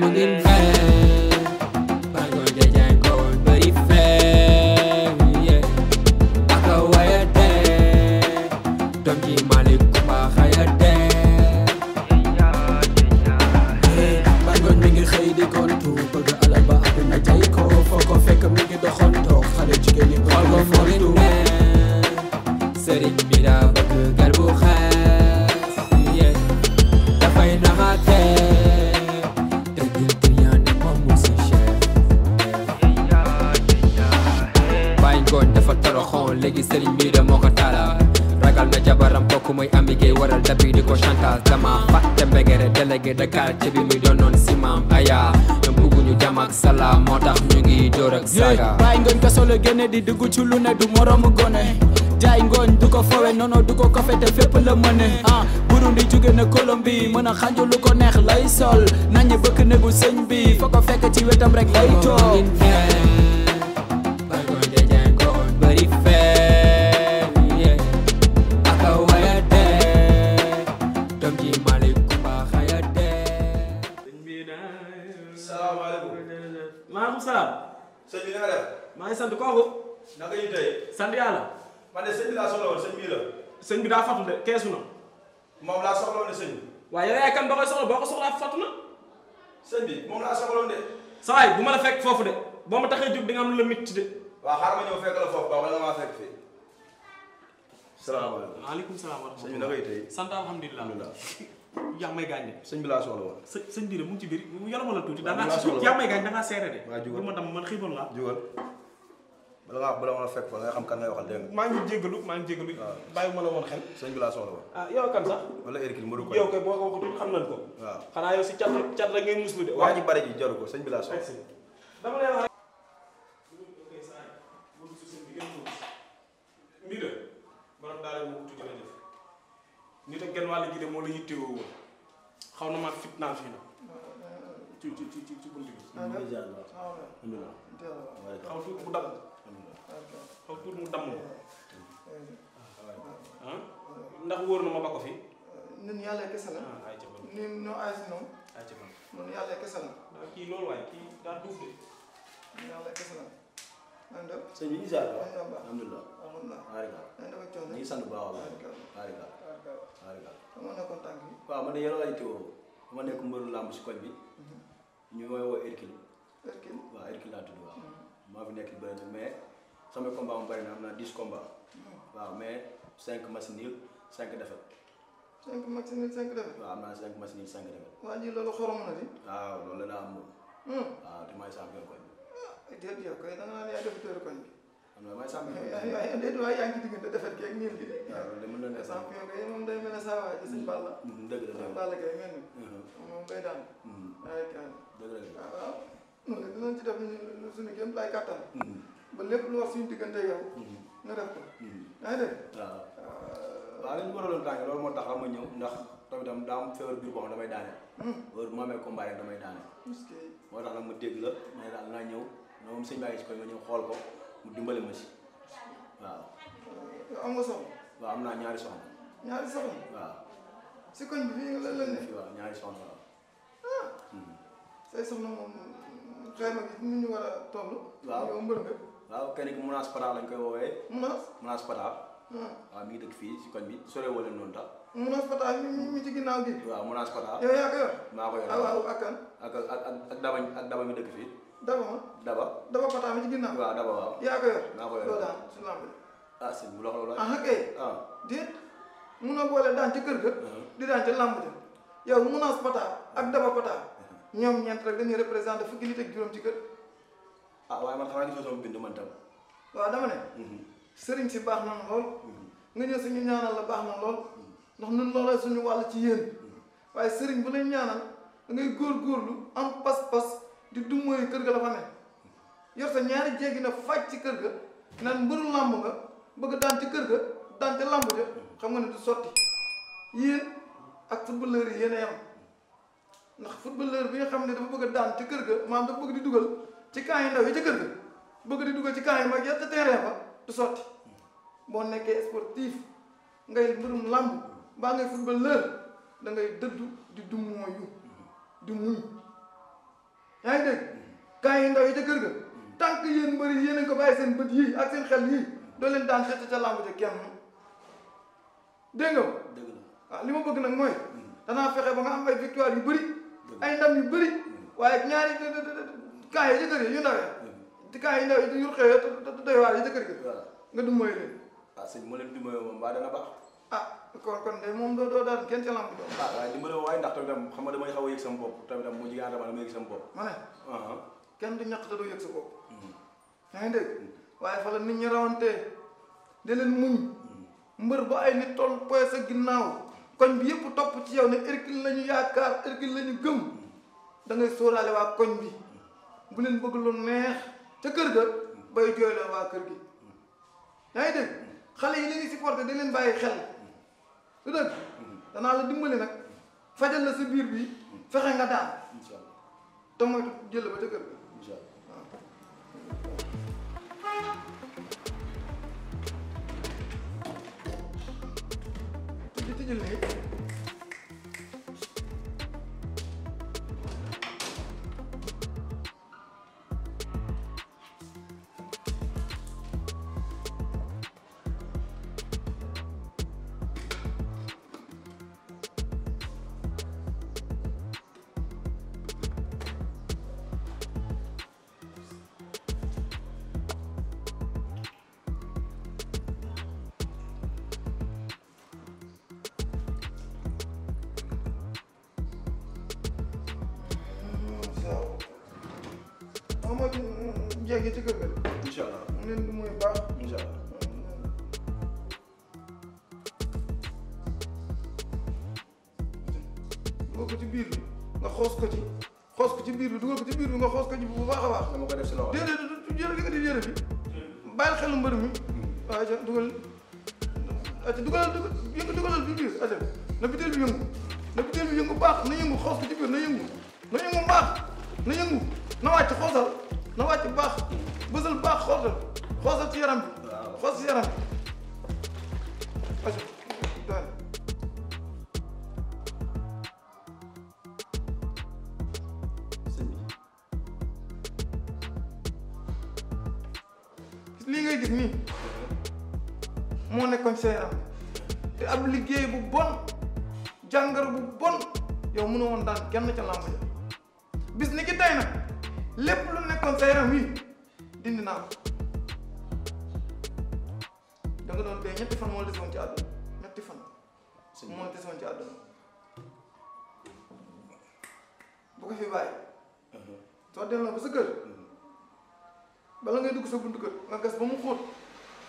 mu ngi fee bargo jajaay koon bari fee yee aka waya tee doom ji Malick Kumba xaya tee bargo mi ngi xëy di gontu bëgg alal ba àdduna jay ko foo ko fekk mi ngi doxontoo xale jigéen ñi bargo léegi sëriñ bi de moo ko taala ragal na jabaram kooku muy am liggéey waral tapi di ko chantage dama fàtte mbegere délégué de quartier bi muy doonoon simaam aya ñoom bugguñu jàmm ak salaam moo tax ñu ngi dóor ak saga bàyyi ngooñ ko solo génne di dugg ci lu ne du moroomu gone jaay ngooñ du ko fowe nono du ko kofe te fépp la mëne ah Burundi jóge na Colombie mën a xànju lu ko neex lay sol nañu bëkk néegu sëñ bi foo ko fekk ci wetam rek lay toog sëñ bi nga def. maa ngi sant kooku. naka yi tey. sant yàlla. man de sëñ bi laa soxla woon sëñ bii la. sëñ bi daa fatu de keesu na. moom laa soxla woon de sëñ kan ba koy soxla boo bu ma la fekk foofu de boo ma taxee jug di am lu la mitti de. waaw xaaral ma ñëw fekk la foofu ba wala nga maa fekk fii. salaamaaleykum. maaleykum salaam wa rahmatulah. sëñ bi naka yi tey. sant alhamdulilah. yaa may gaañ de. sëñ bi laa soxla woon. së bi mu ci biir ma la tuuti. waaw laa soxla woon yaa may gaañ da ngaa seere de. waaw jugal ma dama man xiiboon ma la fekk fa nga xam kan ngay waxal dégg nga. maa ngi waaw ma la woon xel. sëñ bi laa soxla ah, ko waxatul xam nañ ko. waaw xanaa yow si cat cat la ngay muslu de. waa ji bari ji jaru ko sëñ bi laa soxla. dama lay wax rek. nit ak genn wàll gi de moo la yittewoo woon xaw na ma fitnaal fii nag ci ci ci bunt bi. waaw ah, waaw ah, xaw xaw tuut mu damm. ah ndax wóor na ma ba ko fi. ñun yàlla kese la. ah noonu. yàlla kese la. Ah, kii loolu waaye kii daa duuf de. ñun yàlla kese la. man de. sëñ bi ñu ziar la alhamdulilah harika ñu ngi baax a harika harika dama nekkoon tànk bi waaw man de yéen a lay teewoo dama nekk mbëru làmb si koñ bi mhm. ñuy may woo Hercule Hercule waaw Hercule laa tudd mhm. maa fi nekk bëri na mais sama combat mu bëri na am naa dix combat mhm. waaw mais cinq match nul cinq défaite cinq match nul cinq défaite waaw am naa cinq match na di waaw loolu la daa am hmm. waaw te may champion koy déet yow kay da nga naan yaay def tëru koñ bi. am na waay sàmm yi yaa yaa yaa yaa ngi diggante defet gi ak niil gi. waaw loolu de mën na nekk champion kay moom day mel ne saa waay ci suñu bàll. dëgg la suñu bàll kay mel ni. moom day daan. waaye kenn. dëgg la waaw waaw. noonu la dinañ ci def ñu suñu gëm lay kattan. ba lépp lu wax suñu diggante yow. nga def ko. yaa ngi dégg. waaw waaw li ñu waraloon tànk loolu moo tax ma ñëw ndax. tamit tam daa am feebar biir boo xam damay daane. heure bu ma amee combat rek damay daane. moo tax nag ma dégg la ma ne daal naa ñëw moom sëñ bàyyi si koñ ma ñëw xool ko mu dimbale ma si waaw. am nga soxna. waaw am naa ñaari soxna. ñaari soxna. waaw. si koñ bi fii la la ne. waaw ñaari soxna waaw. ah. Hmm. say soxna moom xëy a toll. waaw yow mbër nga. waaw kenn ki Mounas lañ koy woowee. Mounas Mounas Pata. Ah. waaw mi ngi fii si koñ bi sore wala noonu tam. ci ginnaaw gi. waaw Mounas Pata. yow yaa ko maa ko yor ah, ak ak ak ak daba ak dëkk fii. daba ma. daba daba pata mi ci ginnaaw. yaa ko yor maa ko yor loolu mu lox loolu kay ah déet munoo boole daan ci kër ga ah. di daan ci lamb ja yow munaas pata ak daba pata ah. ñoom ñeent rek dañuy représenté fukki nit ak juróom ci kër ah waaye man xanaa gisoo sama bind man ne mhm. sëriñ si baax na lool mhm. nga ñëw suñu ñaanal la baax na lool ndax nun loolay suñu wàll ci yéen mhm. waaye sëriñ bu ne ñaanal ngay góor góorlu am pas-pas di dumooyu kër ga la fa ne yor sa ñaari jéggi na faj ci kër ga na mbëru làmb nga bëgg daan ci kër ga daan ca làmb ja xam nga ne du sotti yéen ak footballeur yi yéen a yam ndax footballeur bi nga xam ne dafa bëgg a ci kër ga maanaam dafa bëgg di dugal ci camp yi ndaw yi ci kër ga bëgg di dugal ci camp yi mag da ngay dëddu di dummooyu di muñ yi ndaw yi kër ga tant que yéen mbëri yéen a ko bàyyi seen bët yii ak seen xel yii doo leen daan xëcc ca làmb ja kenn dégg nga ah, li ma bëgg nag mooy hmm. danaa fexe ba nga am ay victoire yu bëri ay ndam yu bëri hmm. waaye ñaari kaa yi jëkkër yi yu ndawee hmm. kaa yi ndaw yi yu xëyee te doy waar yi jëkkër gi nga du mooy leen ah sëñ moo leen dimbalee moom mbaa dana baax ah kon de moom doo doo daan kenn ca lamb doo ah waaye dimbale waaye ndax tamit xam nga a yëg dama yëg sama bopp ma uh-huh. kenn du ñàkk te doo yëg sa bopp yaa ngi dégg waaye fa la nit ñi de leen muñ mbër ba ay nit toll poye sa ginnaaw koñ bi yëpp topp ci yow ne Hercule lañu ñu yaakaar Hercule lañu ñu gëm da ngay sóoraale waa koñ bi bu leen bëgg lu neex ca kër ga bay jooyloo waa kër gi yaa ngi dégg xale yi la ñuy supporté da leen bàyyi xel su dëgg danaa la dimbali nag fajal la sa biir bi fexe nga daal te moytu jël ba ca kër ga Did you leave? jege ci kër ga de. incha allah mu leen du mooy baax. incha allah. dugal ko ci biir bi nga xoos ko ci xoos ko ci biir bi dugal ko ci biir bi nga xoos ko ci bu baax a baax. dama ko def si loxo déedéet yére bi nga di yére bi. bàyyi xelu mbër mi. waaw ayca dugal ayca dugalal dugal yëngu dugalal bi biir ayca na biteel bi yëngu na biteel bi yëngu baax na yëngu xoos ko ci biir na yëngu na yëngu baax na yëngu na wàcc xoosal. na wàcc bu baax bësal baax xoosal xoosal ci yaram bi xoos ci yaram bi lii ngay gis nii moo nekkoon sa ab liggéey bu bon jàngoro bu bon yow mënu woon daan kenn ca làmb ja bis ni ki tey nag lépp lu fekkoon sa yaram wi dindi naa ko da nga doon dee ñetti fan moo desoon ci àdduna ñetti fan moo desoon ci àdduna bu ko fi bàyyi uh-huh. soo delloo ba sa kër uh-huh. bala ngay dugg sa buntu kër nga gas ba mu xóot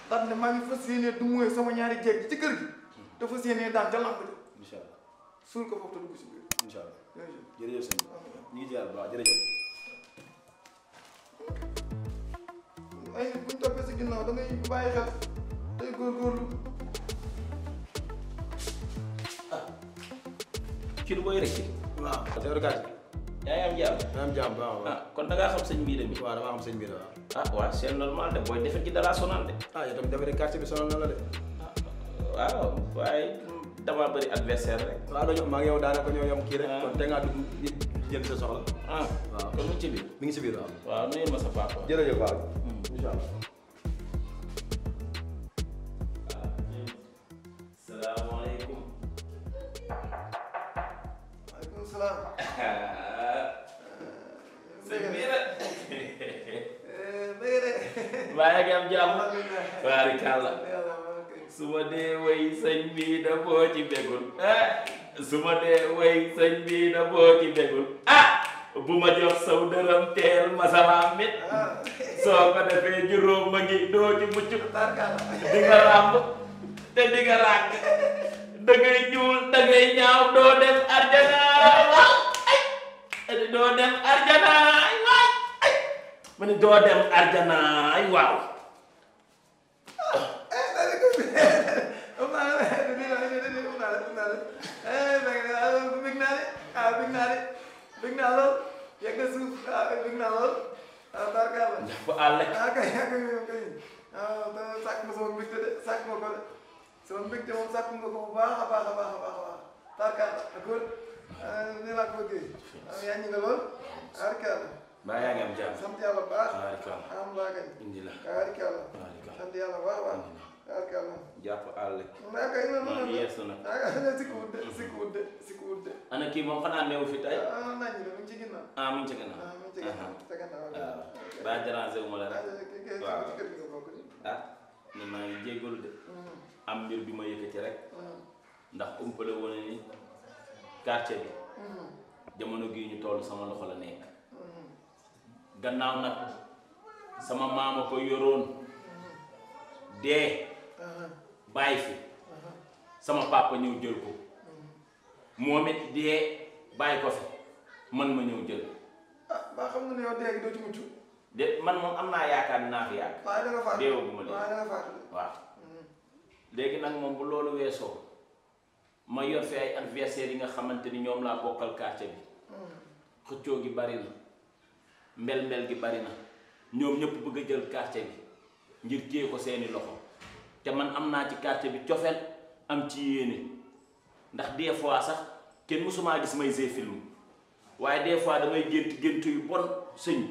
daal ne maa ngi fas yéenee du mooy sama ñaari jeeg ci kër gi uh-huh. te fas yéenee daan ca làmp ja incha allah suul ko foofu te dugg si biir incha allah jërëjëf sëñ bi ñu ngi jaar bu baax jërëjëf ay buñ toppee si ginnaaw da ngay bàyyi xel tey góorgóorlu. ah ci lu booy rek. waaw ah, waaw ah, kon da ngaa xam sëñ Mbiré mi. waaw damaa xam sëñ Mbiré waaw. ah waaw c'est normal de booy defet gi dalaa sonal de. ah yow tamit defet quartier bi sonal na la de. Ah, waaw waaye damaa bëri adversaire rek. waaw loolu maa ngi yow daanaka ñoo yam kii rek. kon te ngaa jël sa soxla. ah waaw kon mu ci biir. mi ngi si biir waaw. waaw nuyu ma sa papa. jërëjëf waaw. Hmm. incha allah. salaamaaleykum. maaleykum salaam. sëñ bi la. maa ngi am jàmm. barikàlla. su ma dee way sëñ bi su ma dee way sëñ bi na boo ci dégul ah bu ma jox saw teel ma sama mit soo ko defee juróom ma ngi doo ci mucc di nga ràmb te di nga ràkk da ngay ñuul da ngay ñaaw doo dem arjana waaw ay doo dem arjana waaw bëgg naa lool yegg na suuf bëgg naa lool barkaala. jàpp àll. ah kay ah kay kay sàkk ma sama mbégte de sàkk ma ko de sama mbégte moom sàkk nga ko bu baax a baax a baax a baax a baax barkaala d'accord nee naa ko bëggee yaa ngi nga lool barkaala. maa yaa ngi am jàmm sant yàlla bu baax. alhamdulilah alhamdulilah. sant yàlla bu baax a baax. jàpp àll. maa ngi nag. sikkuwut kii moom xanaa newu fi tey. ah naaj ci ah, ah, gannaaw. Ah, baa dérangé wu ma la rek. waaw ah man maa de. Mm-hmm. am mbir bi ma ci rek. Mm-hmm. ndax umpale woon ni quartier bi. Mm-hmm. jamono gii ñu toll sama loxo la nekk. gannaaw nag sama maama ko yoroon. dee. bàyyi fi sama papa ñëw jël ko moom it dee bàyyi ko fi man ma ñëw jël. Ah, ba xam nga ne de man moom am naa yaakaar naa fi yàgg. waaye da nga faatu waaw. Mm-hmm. léegi nag moom bu loolu weesoo ma yor fi ay adversaires yi nga xamante ni ñoom laa bokkal quartier bi. Mm-hmm. xëccoo gi bari na mbel-mbel gi bari na ñoom ñëpp bëgg a jël quartier bi ngir téye ko seeni loxo. te man am naa ci quartier bi cofeel am ci yéene ndax des fois sax kenn mësumaa gis may see film waaye des fois damay gént gént yu bon sëñ.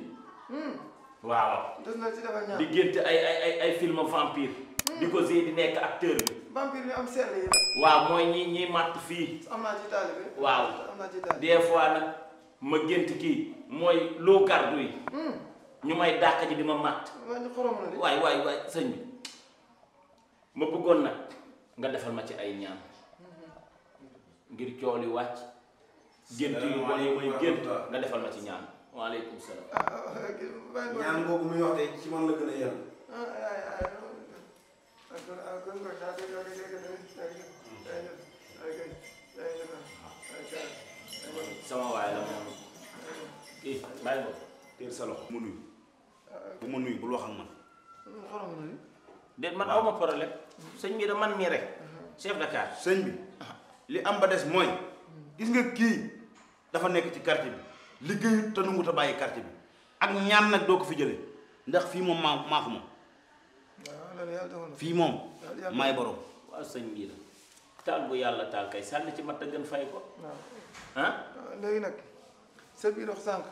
Hmm. waaw. des na ci dafa ñaar di gént ay ay ay film vampire. Hmm. di ko see di nekk acteur bi. vampire waaw mooy ñi ñi màtt fii. am naa waaw des fois nag ma gént kii mooy loo gardu yi. Hmm. ñu may dàq ji di ma màtt. waaye xorom na de. bi. ma bëggoon nag nga defal ma ci ay ñaan ngir coow wàcc gént yu bon yi mooy gént nga defal ma ci ñaan waaleykum muy wax tey la moom kii bàyyi ko teel bu ma nuyu bu ma nuyu bul wax man déet man aw ma sëñ bi da man mii rek chef de sëñ bi li am ba des mooy gis nga kii dafa nekk ci quartier bi liggéeyu te nangu bàyyi karti bi ak ñaan nag doo ko fi jële ndax fii moom maa maa ko moom fii moom may borom waaw sëñ bi taal bu yàlla taal kay sànni ci matt a gën fay ko ah léegi nag sa biir wax sànq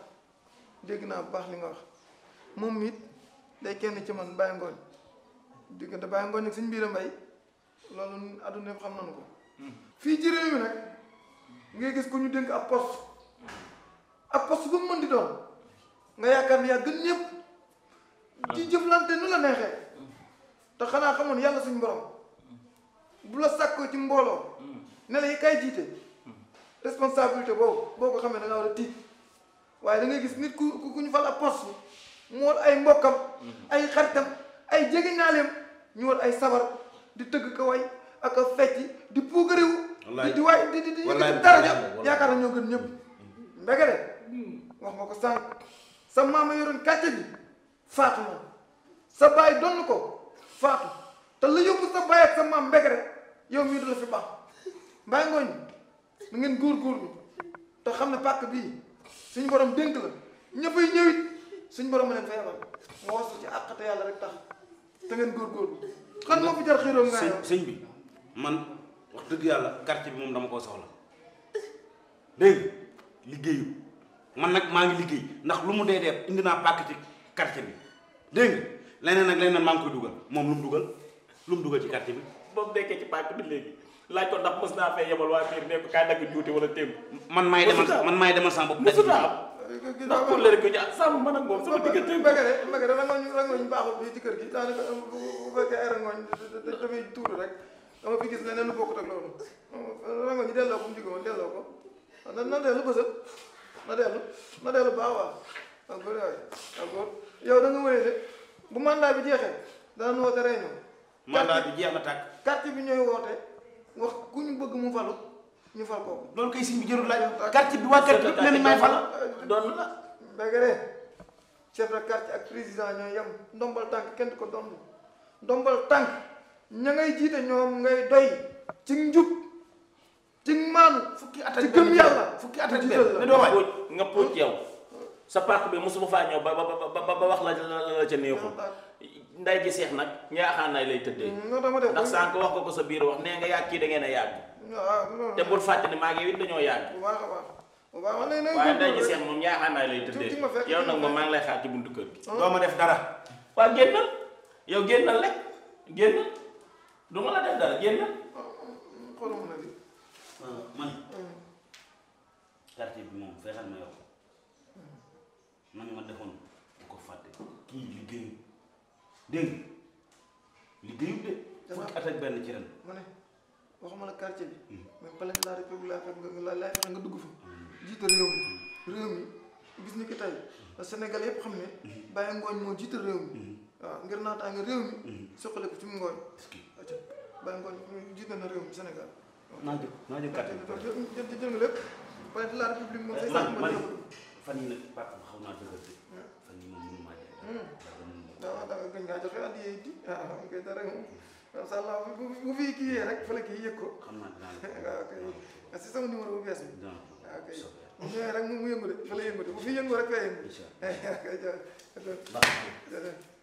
dégg naa bu baax li nga wax moom it day kenn ci man bàyyi ngoon diggante bàyyi ngooñ ak suñ biir a mbay loolu adduna yëpp xam nañu ko. Hmm. fii ci réew mi nag ngay gis ku ñu dénk ab poste ab poste bu mu mën di doon nga yaakaar ni yaa gën ñëpp. ci hmm. jëflante nu la neexee. Hmm. te xanaa xamoon yàlla suñu borom bu la ko ci mbooloo. ne la yi kay jiite. responsabilité boobu boo ko xamee da war a tiit waaye da ngay gis nit ku ku ñu fal ab poste mu ay mbokkam ay xaritam. ay jege naaleem ñu war ay sabar di tëgg ko way ak a fecc di puugariwu di di waay di di di daraja yaakaar na ñoo gën ñëpp mbegere wax nga ko sànq sa maama yoroon kàcce bi faatu na sa baay donn ko faatu te la yóbbu sa baay ak sa maam mbegere yow mii du la fi baax mbaay ngooñ nu ngeen góorgóorlu te xam ne pàkk bii suñ borom dénk la ñëppay ñëwit suñu borom ma leen fa yabal moo wasu ci àq te yàlla rek tax te ngeen góorgóorlu. xam nga moo fi jar xiiroom nga yow sëñ bi man wax dëgg yàlla karti bi moom dama koo soxla dégg nga man nag maa ngi liggéey ndax lu mu dee dee indi naa pàkk ci quartier bi dégg nga leneen ak leneen maa ngi koy dugal moom lu mu dugal lu mu dugal ci quartier bi. ba mu nekkee ci pàkk bi léegi laaj ko ndax mos naa fay yebal waa biir ne ko kaay dagg juuti wala téem. man maay demal man maay demal sama bopp. ndax a ngoon sama diggante mbagare mbagare rangoñ rangoñ baaxul fii gi daanaka bu fekkee ay rangoñ dafay tuuru rek dama fi gis leneen lu bokkut ak loolu rangoñ yi delloo ko mu jóge woon delloo ko na na dellu bësal na dellu na dellu baax waaw yow da nga wéyee de bu mandat bi jeexee danañ woote réunion mandat bi jeex na tàkk quartier bi ñooy woote wax ku ñu bëgg mu falu ñu fal ko loolu kay sëñ bi jërul laaj quartier bi waa quartier bi nañ may fal doon la dagare chef de quartier ak kenn du ko donn ndombal tànk ña ngay jiite ñoom ngay doy ci njub ci maanu fukki at ci gëm yàlla fukki at ci dël la doo nga póoj yow sa parc bi mosuma faa ñëw ba ba ba ba wax la la la ca neexul nday ji seex nag ñaaxaan naay lay tëddee. Mm, ndax ko wax nga ko sa biir wax nee nga yàgg kii da a yàgg. Ah, te bul fàtte ne maa ngi it dañoo yàgg. waaw waaye nday ji seex moom ñaaxaan naay lay tëddee yow nag moom maa ngi lay xaar ci buntu kër gi. Ah. doo def dara. waaw génnal yow génnal rek génnal du la def dara génnal. Ah, euh, man hmm. quartier bi moom fexeel ma yow hmm. man ma defoon bu ko fàtte kii liggéey. dégg nga liggéeyut de. dafa fukki at ak benn ci ren. ma ne waxuma la quartier bi. Hmm. mais palais de la république laa fexe nga laa fexe nga dugg fa. Hmm. jiite réew mi hmm. réew mi gis ni ko tey Sénégal yëpp xam ne. Baye Ngooñ moo jiite réew mi. waaw ngir naataange réew mi. soqale ko ci ngooñ. est-ce que Baye Ngooñ jiite na réew mi Sénégal. naa jóg naa jóg quartier bi jël nga lépp. palais de la république moom. Eh, fan yii nag Pape xaw naa dëgër de fan yii moom mënu maa jaay dama dama a ngaa joxe addiya it ah xam nga dara macha allah bu bu fi kii rek fële kii yëg ko. xam naa dinaa la ah, ah, si sama numéro bu bees bi. waaw kay bu ñëwee rek mu yëngu de fa la yëngu de bu fi yëngu rek fee yëngu. incha allah